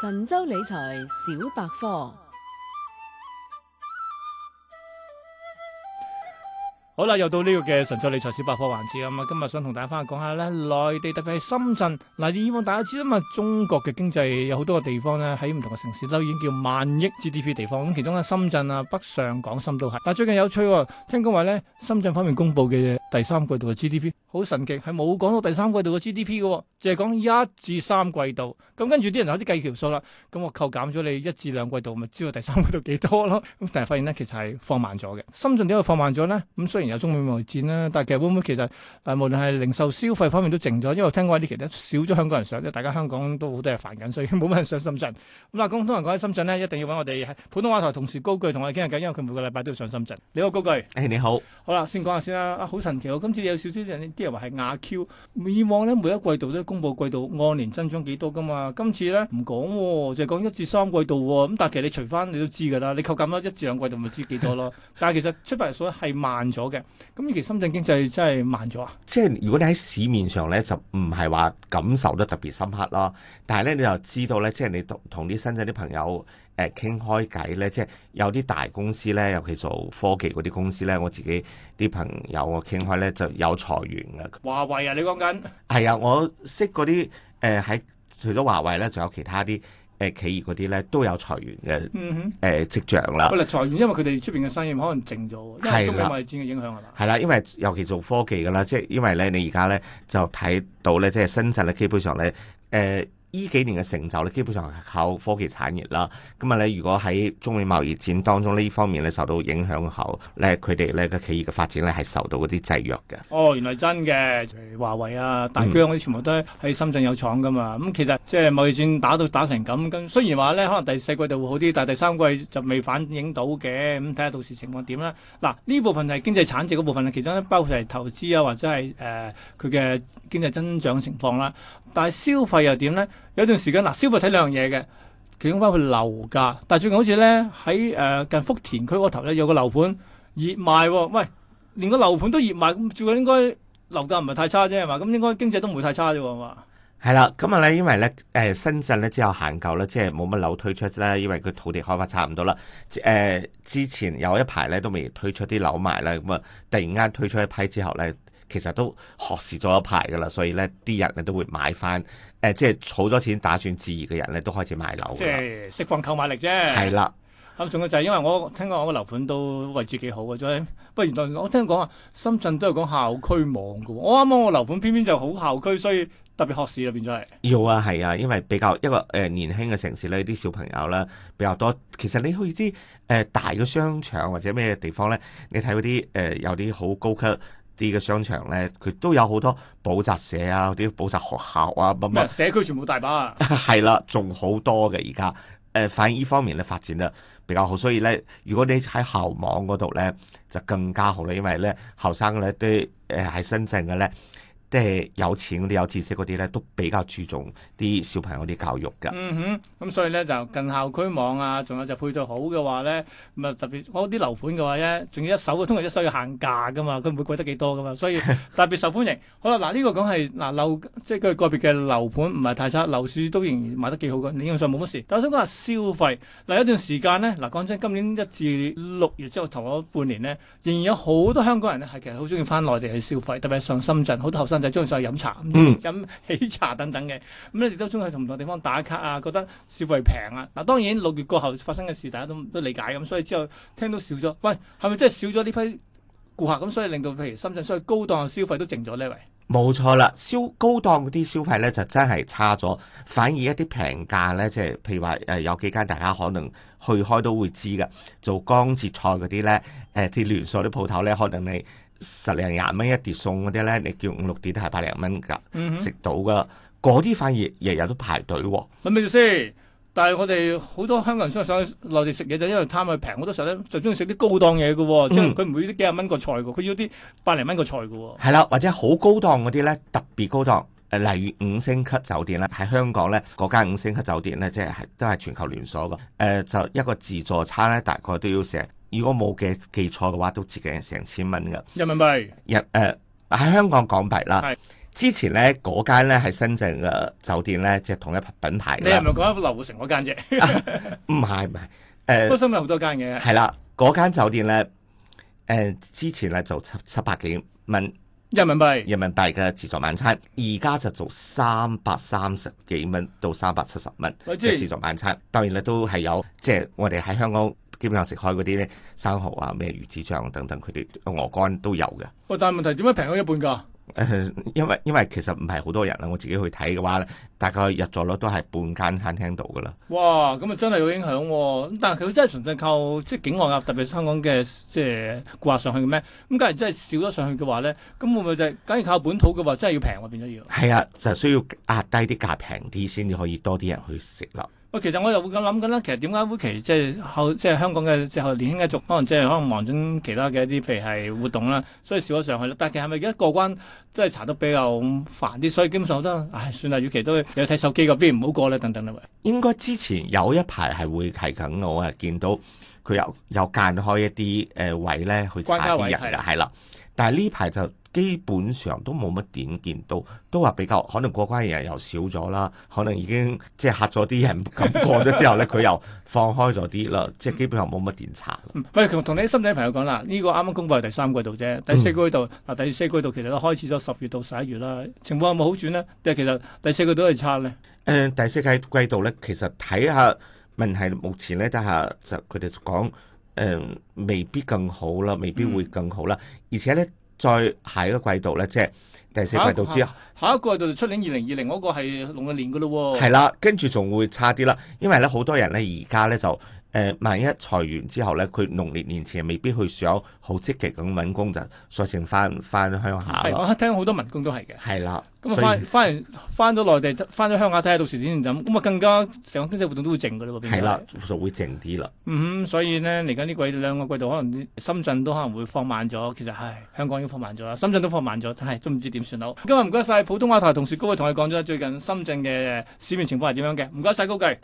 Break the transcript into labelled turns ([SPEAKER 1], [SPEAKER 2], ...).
[SPEAKER 1] 神州理財小百科。好啦，又到呢個嘅神州理財小百科環節咁啊，今日想同大家翻去講下咧，內地特別係深圳嗱，以往大家知啦嘛，中國嘅經濟有好多嘅地方咧，喺唔同嘅城市都已經叫萬億 GDP 地方咁，其中咧深圳啊、北上廣深都係。但最近有趣喎，哦，聽講話咧，深圳方面公布嘅嘢，第三季度嘅 GDP 好神奇，係冇講到第三季度嘅 GDP 嘅，哦，淨係講一至三季度。咁跟住啲人有啲計條數啦。咁，嗯、我扣減咗你一至兩季度，咪知道第三季度幾多咯？咁突然發現呢，其實係放慢咗嘅。深圳點解放慢咗呢？咁雖然有中美貿易戰啦，但係其實會唔會其實誒，呃，無論係零售消費方面都靜咗。因為聽講啲其他少咗香港人上，即大家香港都好多嘢煩緊，所以冇乜人上深圳。咁，嗯、啊，講、嗯、通人講喺深圳呢，一定要搵我哋係普通話台同事高鉅同我哋傾下偈，因為佢每個禮拜都要上深圳。你好高，高鉅，你好。好啦，先講下先啦，啊。好神。其實今次有少少人啲人話係亞 Q，以往呢，每一季度都公布季度按年增長幾多㗎嘛，今次呢，唔講喎，就係講一至三季度喎、哦。咁但係其實你除翻你都知㗎啦，你扣減咗一至兩季度咪知幾多咯。 但係其實出發數係慢咗嘅，咁其實深圳經濟真係慢咗啊。
[SPEAKER 2] 即係如果你喺市面上呢，就唔係話感受得特別深刻咯。但係呢，你就知道呢，即係你同同啲深圳啲朋友。誒傾開偈咧，即係有啲大公司咧，尤其做科技嗰啲公司咧，我自己啲朋友我傾開咧就有裁員嘅。
[SPEAKER 1] 華為啊，你講緊？
[SPEAKER 2] 係啊，我識嗰啲誒喺除咗華為咧，仲有其他啲誒、呃、企業嗰啲咧都有裁員嘅誒跡象啦。嗱、
[SPEAKER 1] 呃嗯、哼裁員，因為佢哋出邊嘅生意可能靜咗，因為中美貿戰嘅影響
[SPEAKER 2] 係嘛？係啦，因為尤其做科技嘅啦，即係因為咧，你而家咧就睇到咧，即係深圳咧，基本上咧誒。呃呃呢幾年嘅成就咧，基本上係靠科技產業啦。咁啊你，如果喺中美貿易戰當中呢方面咧受到影響後咧，佢哋咧嘅企業嘅發展咧係受到嗰啲制約嘅。
[SPEAKER 1] 哦，原來真嘅，華為啊、大疆嗰啲全部都喺深圳有廠噶嘛？咁、嗯、其實即係貿易戰打到打成咁，咁雖然話咧可能第四季就會好啲，但係第三季就未反映到嘅。咁睇下到時情況點啦。嗱，呢部分就係經濟產值嗰部分啦，其中包括係投資啊，或者係誒佢嘅經濟增長情況啦。但係消費又點咧？有段時間嗱、啊，消費睇兩樣嘢嘅，其中包括樓價。但係最近好似咧喺誒近福田區嗰頭咧，有個樓盤熱賣喎、哦。喂，連個樓盤都熱賣，咁最近應該樓價唔係太差啫，係嘛？咁應該經濟都唔會太差啫，係嘛？
[SPEAKER 2] 係啦，今日咧因為咧誒、呃、深圳咧之後限購咧，即係冇乜樓推出啦，因為佢土地開發差唔多啦。誒、呃、之前有一排咧都未推出啲樓賣啦，咁啊突然間推出一批之後咧。其實都學市咗一排噶啦，所以咧啲人咧都會買翻，誒、呃，即係儲咗錢打算置業嘅人咧都開始買樓。即係
[SPEAKER 1] 釋放購買力啫。係啦的，咁仲有就係因為我聽講我個樓盤都位置幾好嘅，啫。不過，原來我聽講話深圳都係講校區網嘅。我啱啱個樓盤偏偏就好校區，所以特別學士啊變咗係。
[SPEAKER 2] 要啊，係啊，因為比較一個誒、呃、年輕嘅城市咧，啲小朋友咧比較多。其實你去啲誒、呃、大嘅商場或者咩地方咧，你睇嗰啲誒有啲好高級。啲嘅商場咧，佢都有好多補習社啊，啲補習學校啊，乜乜社區
[SPEAKER 1] 全部大把。啊，
[SPEAKER 2] 係啦， 仲好多嘅而家。誒、呃，反依方面咧發展得比較好，所以咧，如果你喺校網嗰度咧，就更加好啦，因為咧，後生咧都誒喺深圳嘅咧。即係有錢嗰啲、有知識嗰啲咧，都比較注重啲小朋友啲教育㗎。嗯哼，
[SPEAKER 1] 咁所以咧就近校區網啊，仲有就配套好嘅話咧，咁啊特別我啲樓盤嘅話咧，仲要一手嘅，通常一手要限價㗎嘛，佢唔會貴得幾多㗎嘛，所以特別受歡迎。 好啦，嗱、這、呢個講係嗱樓，即係佢個別嘅樓盤唔係太差，樓市都仍然賣得幾好㗎，理論上冇乜事。但我想講下消費嗱，有一段時間咧嗱，講真，今年一至六月之後頭嗰半年咧，仍然有好多香港人咧係其實好中意翻內地去消費，特別係上深圳，好多後生。就中意去飲茶，飲喜茶等等嘅，咁咧亦都中意去唔同地方打卡啊，覺得消費平啊。嗱，當然六月過後發生嘅事，大家都都理解咁，所以之後聽到少咗，喂，係咪真係少咗呢批顧客咁，所以令到譬如深圳所謂高檔嘅消費都靜咗呢位？
[SPEAKER 2] 冇錯啦，高檔消高檔嗰啲消費咧就真係差咗，反而一啲平價咧，即係譬如話誒有幾間大家可能去開都會知㗎，做江浙菜嗰啲咧，誒啲連鎖啲鋪頭咧，可能你。十零廿蚊一碟餸嗰啲咧，你叫五六碟都係百零蚊噶，嗯、哼食到噶啦。嗰啲反而日日都排隊、哦。
[SPEAKER 1] 係咪意思？但係我哋好多香港人想去內地食嘢，就因為貪佢平。好多時候咧就中意食啲高檔嘢嘅、哦，嗯、即係佢唔會啲幾廿蚊個菜嘅，佢要啲百零蚊個菜嘅、哦。
[SPEAKER 2] 係啦，或者好高檔嗰啲咧，特別高檔。誒、呃，例如五星級酒店啦，喺香港咧，嗰間五星級酒店咧，即係都係全球連鎖嘅。誒、呃，就一個自助餐咧，大概都要成。如果冇嘅記錯嘅話，都接近成千蚊嘅。人民幣，一誒喺香港港幣啦。是之前咧嗰間咧係深圳嘅酒店咧，即係同一品牌。你係咪講
[SPEAKER 1] 緊羅湖城嗰間啫？
[SPEAKER 2] 唔係唔係，誒。高新、呃、有好多間嘅。係啦，嗰間酒店咧，誒、呃、之前咧就七七百幾蚊人民幣，人民幣嘅自助晚餐，而家就做三百三十幾蚊到三百七十蚊嘅自助晚餐。當然啦，都係有，即係我哋喺香港。基本上食開嗰啲咧，生蠔啊、咩魚子醬等等，佢哋鵝肝都有嘅。
[SPEAKER 1] 哦，但係問題，點解平咗一半噶？
[SPEAKER 2] 因為因為其實唔係好多人啦。我自己去睇嘅話咧，大概入座率都係半間餐廳度噶啦。
[SPEAKER 1] 哇，咁啊真係有影響啊。咁但係佢真係純粹靠即係境外呀、啊，特別香港嘅即係掛上去嘅咩？咁，就是，假如真係少咗上去嘅話咧，咁會唔會就梗係靠本土嘅話真，真係要平啊？變咗要係
[SPEAKER 2] 啊，就係、是，需要壓低啲價，平啲先至可以多啲人去食咯。
[SPEAKER 1] 其實我又會咁諗㗎啦，其實點解會期即係後即係香港嘅即係後年輕一族可能即係可能望準其他嘅一啲，譬如係活動啦，所以少咗上去啦。但係其實係咪而家過關即係查得比較煩啲，所以基本上我都唉算啦，與其都有睇手機嗰邊唔好過咧，等等啦。
[SPEAKER 2] 應該之前有一排係會提緊我啊，見到佢有有間開一啲誒位咧去查啲人㗎，係啦，但係呢排就。基本上都冇乜點見到，都話比較可能過關嘅人又少咗啦，可能已經即係嚇咗啲人咁過咗之後咧，佢 又放開咗啲啦，即係基本上冇乜點差。
[SPEAKER 1] 喂、 嗯，同你深圳朋友講啦，呢個啱啱公布係第三季度啫，第四季度啊，第四季度其實都開始咗十月到十一月啦，情況有冇好轉呢？即係其實第四季度都係差咧。誒，
[SPEAKER 2] 第四季季度咧，其實睇下問題，目前咧都係就佢哋講，誒、嗯，未必更好啦，未必會更好啦，嗯、而且咧。再下一個季度咧，即係第四季度之後
[SPEAKER 1] 下一個季度，就出年二零二零嗰個係龍年嘅咯喎。係啦，
[SPEAKER 2] 跟住仲會差啲啦，因為咧好多人咧而家咧就。誒、呃，萬一裁完之後呢，佢農曆年前未必去想好積極咁揾工，就索性翻翻鄉下咯。
[SPEAKER 1] 係聽好多民工都係嘅。係
[SPEAKER 2] 啦的，咁啊翻以
[SPEAKER 1] 翻完翻咗內地，翻咗鄉下睇下到時點樣咁啊，更加成個經濟活動都會靜噶啦喎。係啦，
[SPEAKER 2] 就會靜啲啦。
[SPEAKER 1] 嗯，所以呢，嚟緊呢個兩個季度，可能深圳都可能會放慢咗。其實，唉，香港已經放慢咗啦，深圳都放慢咗，係都唔知點算好。今日唔該晒普通話台同事高啊，同你講咗最近深圳嘅市面情況係點樣嘅？唔該晒高鉅。